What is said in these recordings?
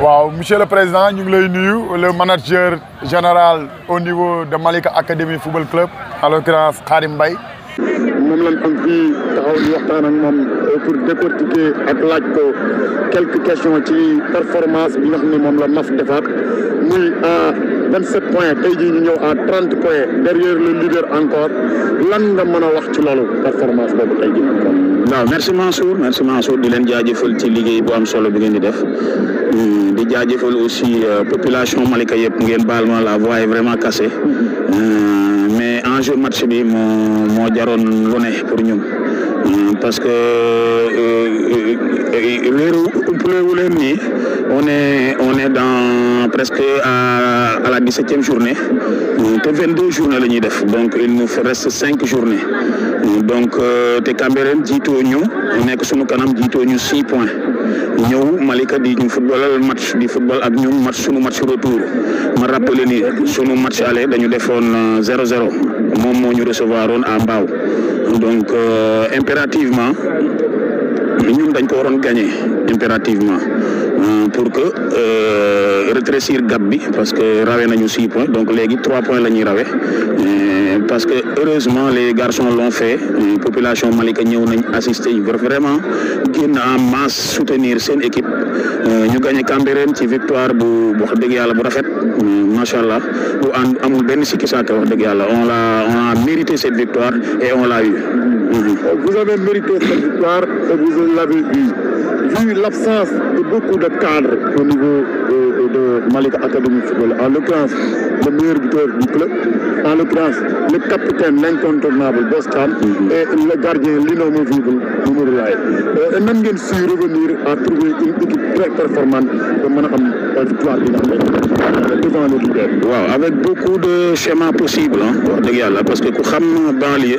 waaw monsieur le président ñu ngi lay nuyu le manager général au niveau de Malika Academy Football Club en l'occurrence Karim Mbaye am pour quelques questions performance la à points à points derrière le leader encore lan nga wax performance merci Mansour merci Mansour di leen jaajëfal ci liggéey bu am hmm, aussi euh, population Malika ngeen la voix est vraiment cassée. Mm-hmm. Euh, ce match bi mo mo jaron pour nous euh, parce que l'heure où ni on est on est dans presque à, la 17e journée que euh, 22 journées lañuy def donc il nous reste 5 journées donc euh, té Cambérène jiitoo kanam points Nous, Malika di ñu le match di football ak ñun match sunu match retour ma rappelé ni match aller dañu 0 euh, ñu donc euh, impérativement nous dañ ko gagner impérativement euh, pour que euh, rétrécir Gabi parce que n'a eu 6 points donc les trois points la points. Euh, parce que heureusement les garçons l'ont fait La population Malika on a assisté vraiment en masse soutenir cette équipe nous gagné Cambérène petite victoire pour wax dëgg bu rafet ou on l'a a mérité cette victoire et on l'a eu. vous avez mérité cette victoire et vous l'avez eu vu l'absence de beaucoup de cadre au niveau de, de Academy Football. En l'occurrence, le meilleur buteur du club, en l'occurrence le capitaine, l'incontournable Boscan, et le gardien, l'inomovible Moumourlaï. Euh, nan ngeen su revenir à trouver une équipe très performante pour Manakam victoire le leader. Wow avec beaucoup de schémas possibles hein, parce que Koukham Bali banlieue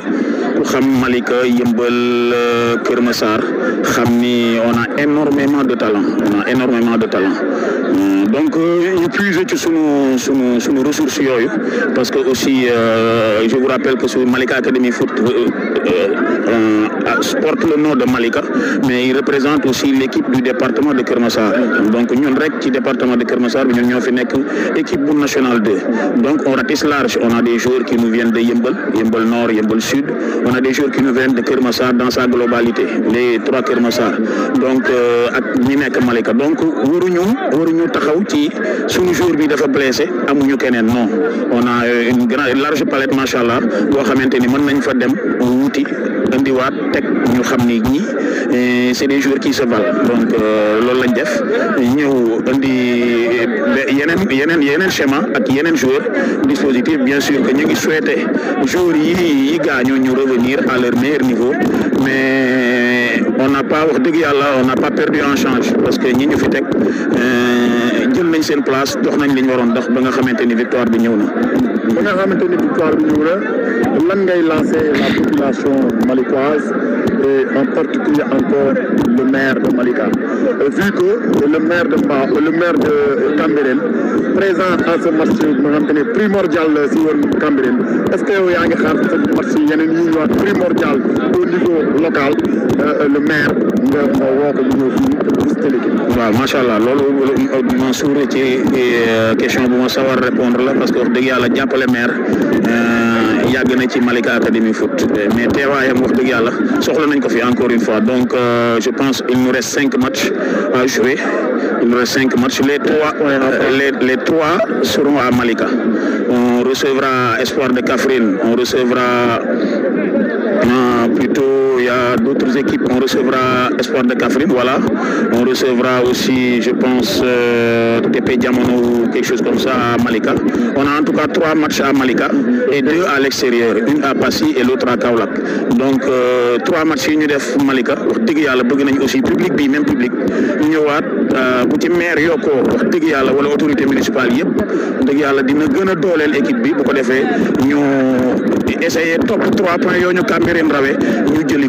Malika Yëmbal euh, Kër on a énormément de talent on a énormément de talent euh, donc ñu euh, puiser ci sunu toujours parce que aussi euh, je vous rappelle que sur Malika Academy foot euh, euh, euh, ah, porte le nom de Malika mais il représente aussi l'équipe du département de Kermassar. donc nous sommes ci département de Kermassar nous bi ñun l'équipe équipe nationale 2 donc on ratisse large on a des joueurs qui nous viennent de Yimbol, Yembel Nord Yembel Sud on a des joueurs qui nous viennent de Kermassar dans sa globalité les trois Kermassar. donc euh, ak ñi Malika donc nous sommes taxaw ci suñu jour bi dafa blessé amuñu non on a euh, une large palette machallah boo xamante mën nañ indiwaat tek ñu xamni ni ñi eh, c'est des joueurs qui se valent donc euh, loolu lañ def ñëw indi eh, yenen yenen yenen schéma ak yenen joueur dispositif bien sûr que ñi ngi souhaiter joueurs yi yi gaañoo ñu revenir à leur meilleur niveau mais on n'a pas wax deug yalla on n'a pas perdu en change parce que ñi ñu fi euh jël nañ seen place dox nañ liñ waron dox ba nga xamanteni victoire bi ñëw na ba nga une victoire du jour, na ngay la population malicoise et en particulier encore le maire de Malika euh, vu que le maire de Mba euh, le maire de Cambérène présent à ce match primordial sur woon est-ce que y a un marché sa match yeneen yi primordial au niveau local euh, le maire de woo ko ñu waaw macha Lolo loolu Mansour euh, question bu savoir répondre là parce que wax dëgg yàlla jàppale maire euh, yàgg na ci Malika Academy foot mais teewaayam mort de yàlla Sur nañ ko fi encore une fois donc euh, je pense il nous reste cinq matchs à jouer il nous reste cinq matchs les trois les les trois seront à Malika on recevra Espoir de Kaffrine on recevra plutôt il y a d'autres équipes. On recevra Espoir de Catherine, voilà. On recevra aussi, je pense, euh, TP Diamono ou quelque chose comme ça à Malika. On a en tout cas trois matchs à Malika et deux à l'extérieur. Une à Passy et l'autre à Kaolak. Donc euh, trois matchs def Malika. wax dëgg yàlla bëgg aussi public bi même public ñëwaat euh, bu ci maire yoko wax dëgg yàlla wala autorité municipale yépp wax dëgg yàlla dina gën a dooleel équipe bi bu ko defee ñu essayer top trois points yoo ñu Cambérène ñu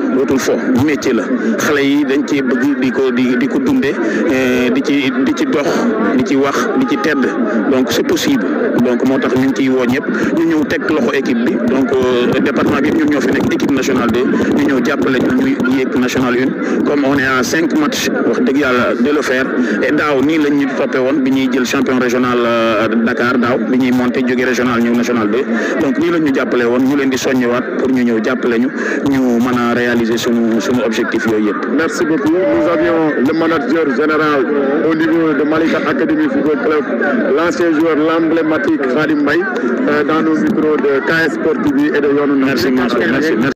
dootul fo métier la xale yi dañ ci bëgg di ko di di ko dunde eh, di ci di ci dox di ci wax di ci tedd donc c'est possible donc moo tax ñu ngi ciy woo ñëpp ñu ñëw teg loxo équipe bi donc euh, département bi ñun ñoo fi nekk équipe nationale 2 ñu ñëw jàppale ñu muy yéeg nationale une comme on est à cinq matchs wax dëgg yàlla de le faire et daaw nii lañ ñu toppee woon bi ñuy jël champion régional euh, Dakar daaw bi ñuy monté jóge régional ñëw national 2 donc nii lañ ñu jàppale woon ñu leen di soññewaat pour ñu ñëw jàppale ñu ñu mën a réaliser suñu suñu objectif yooyu yëpp. Merci beaucoup nous avions le manager général au niveau de Malika Academy Football Club l'ancien joueur l'emblématique Fatick Khadim Mbaye euh, dans nos micros de KS Sport TV et de Yonou Merci, merci.